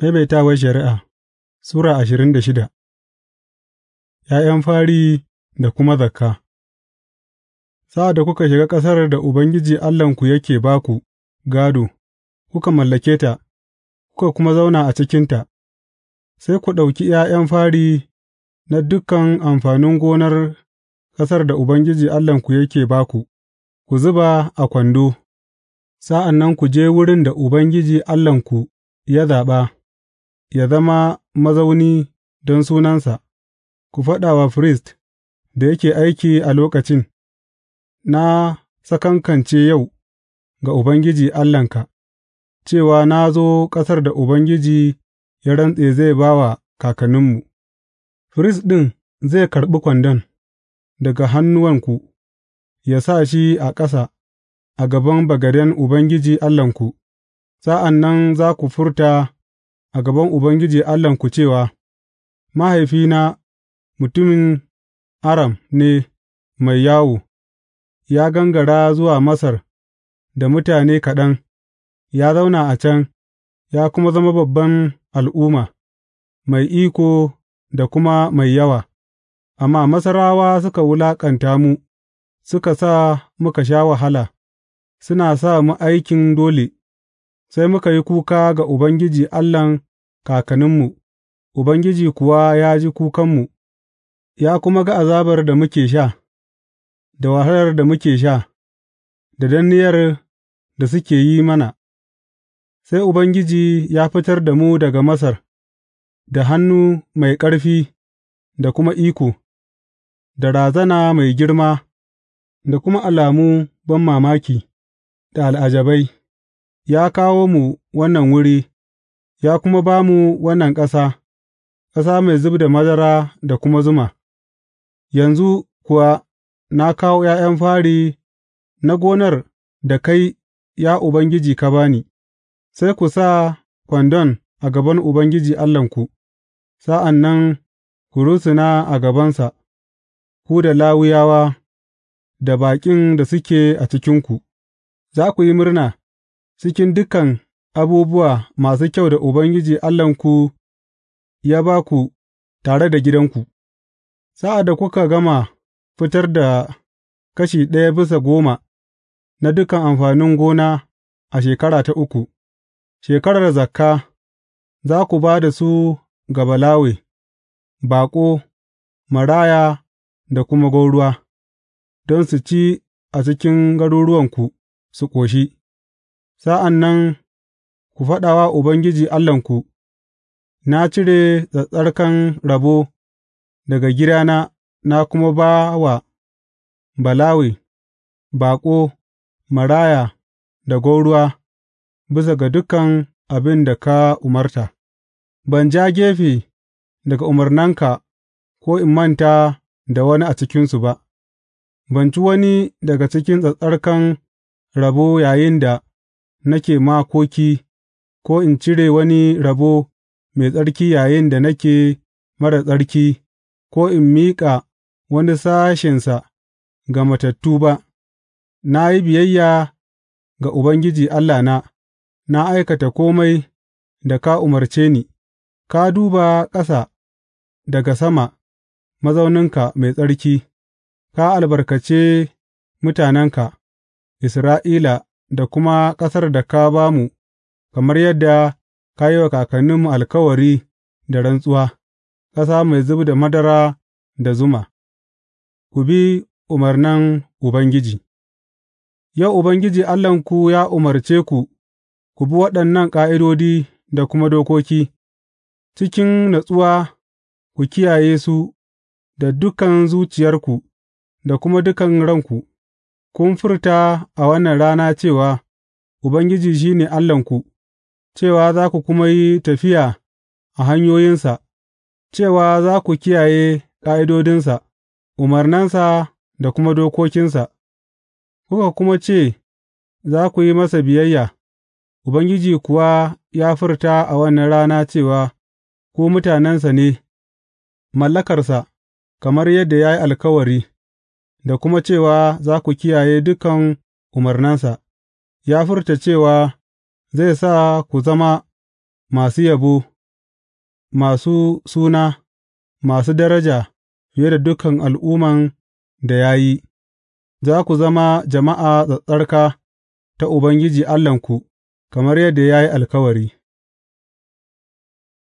Maimaitawar Shari'a Sura ashirin da shida ’Ya'yan fari da kuma zakka Sa'ad da kuka shiga ƙasar da Ubangiji Allahnku yake ba ku gado, kuka mallake ta, kuka kuma zauna a cikinta, sai ku ɗauki ’ya'yan fari na dukan amfanin gonar ƙasar da Ubangiji Allahnku yake ba ku, ku zuba a kwando, sa'an nan ku je wurin da Ubangiji Allahnku ya zaɓa. yă zama mazauni don Sunansa, ku faɗa wa firist da yake aiki a lokacin, Na sakankance yau ga Ubangiji Allahnka, cewa na zo ƙasar da Ubangiji ya rantse zai ba wa kakanninmu, firist ɗin zai karɓi kwandon daga hannuwanku, Ya sa shi a ƙasa a gaban bagaden Ubangiji Allahnku, sa'an nan za ku furta. a gaban Ubangiji Allahnku cewa, Mahaifina mutumin Aram ne mai yawo, ya gangara zuwa Masar da mutane kaɗan, ya zauna a can, ya kuma zama babban al'umma, mai iko da kuma mai yawa, amma Masarawa suka wulaƙanta mu, suka sa muka sha wahala, suna sa mu aikin dole. sai muka yi kuka ga Ubangiji Allahn kakanninmu, Ubangiji kuwa ya ji kukanmu, ya kuma ga azabar da muke sha, da wahalar da muke sha, da danniyar da suke yi mana, sai Ubangiji ya fitar da mu daga Masar, da hannu mai ƙarfi da kuma iko, da razana mai girma, da kuma alamu ban mamaki da al'ajabai. ya kawo mu wannan wuri, ya kuma ba mu wannan ƙasa, ƙasa mai zub da madara da kuma zuma, yanzu kuwa na kawo ’ya'yan fari na gonar da kai, ya Ubangiji, ka ba ni, sai ku sa kwandon a gaban Ubangiji Allahnku, sa'an nan ku rusuna a gabansa, ku da lawuyawa da baƙin da suke a cikinku, za ku yi murna. cikin dukan abubuwa masu kyau da Ubangiji Allahnku ya ba ku tare da gidanku, sa'ad da kuka gama fitar da kashi ɗaya bisa goma na dukan amfanin gona a shekara ta uku, shekarar zakka, za ku ba da su ga Balawe, baƙo, maraya da kuma gauruwa, don su ci a cikin garuruwanku su ƙoshi. Sa'an nan ku faɗa wa Ubangiji Allahnku, Na cire tsattsarkan rabo daga gidana na kuma ba wa Balawe, baƙo, maraya da gwauruwa bisa ga dukan abin da ka umarta; ban ja gefe daga umarnanka ko in manta da wani a cikinsu ba, ban ci wani daga cikin tsattsarkan rabo yayin yayinda. nake makoki ko in cire wani rabo mai tsarki yayinda nake marar tsarki, ko in miƙa wani sashensa ga matattu ba, na yi biyayya ga Ubangiji Allahna, na aikata komai da ka umarce ni, ka duba ƙasa daga sama, mazauninka mai tsarki, ka albarkace mutanenka, Isra'ila da kuma ƙasar da ka ba mu, kamar yadda ka yi wa kakanninmu alkawari da rantsuwa, ƙasa mai zub da madara da zuma. Ku bi umarnan Ubangiji Yau Ubangiji Allahnku ya umarce ku, ku bi waɗannan ƙa'idodi da kuma dokoki, cikin natsuwa ku kiyaye su da dukan zuciyarku da kuma dukan ranku. kun furta a wannan rana cewa, Ubangiji shi ne Allahnku, cewa za ku kuma yi tafiya a hanyoyinsa, cewa za ku kiyaye ƙa'idodinsa, umarnansa da kuma dokokinsa, kuka kuma ce za ku yi masa biyayya, Ubangiji kuwa ya furta a wannan rana cewa ku mutanensa ne, mallakarsa, kamar yadda ya yi alkawari. da kuma cewa za ku kiyaye dukan umarnansa, ya furta cewa zai sa ku zama masu yabo, masu suna, masu daraja fiye da dukan al'umman da ya yi, za ku zama jama'a tsattsarka ta Ubangiji Allahnku, kamar yadda ya yi alkawari.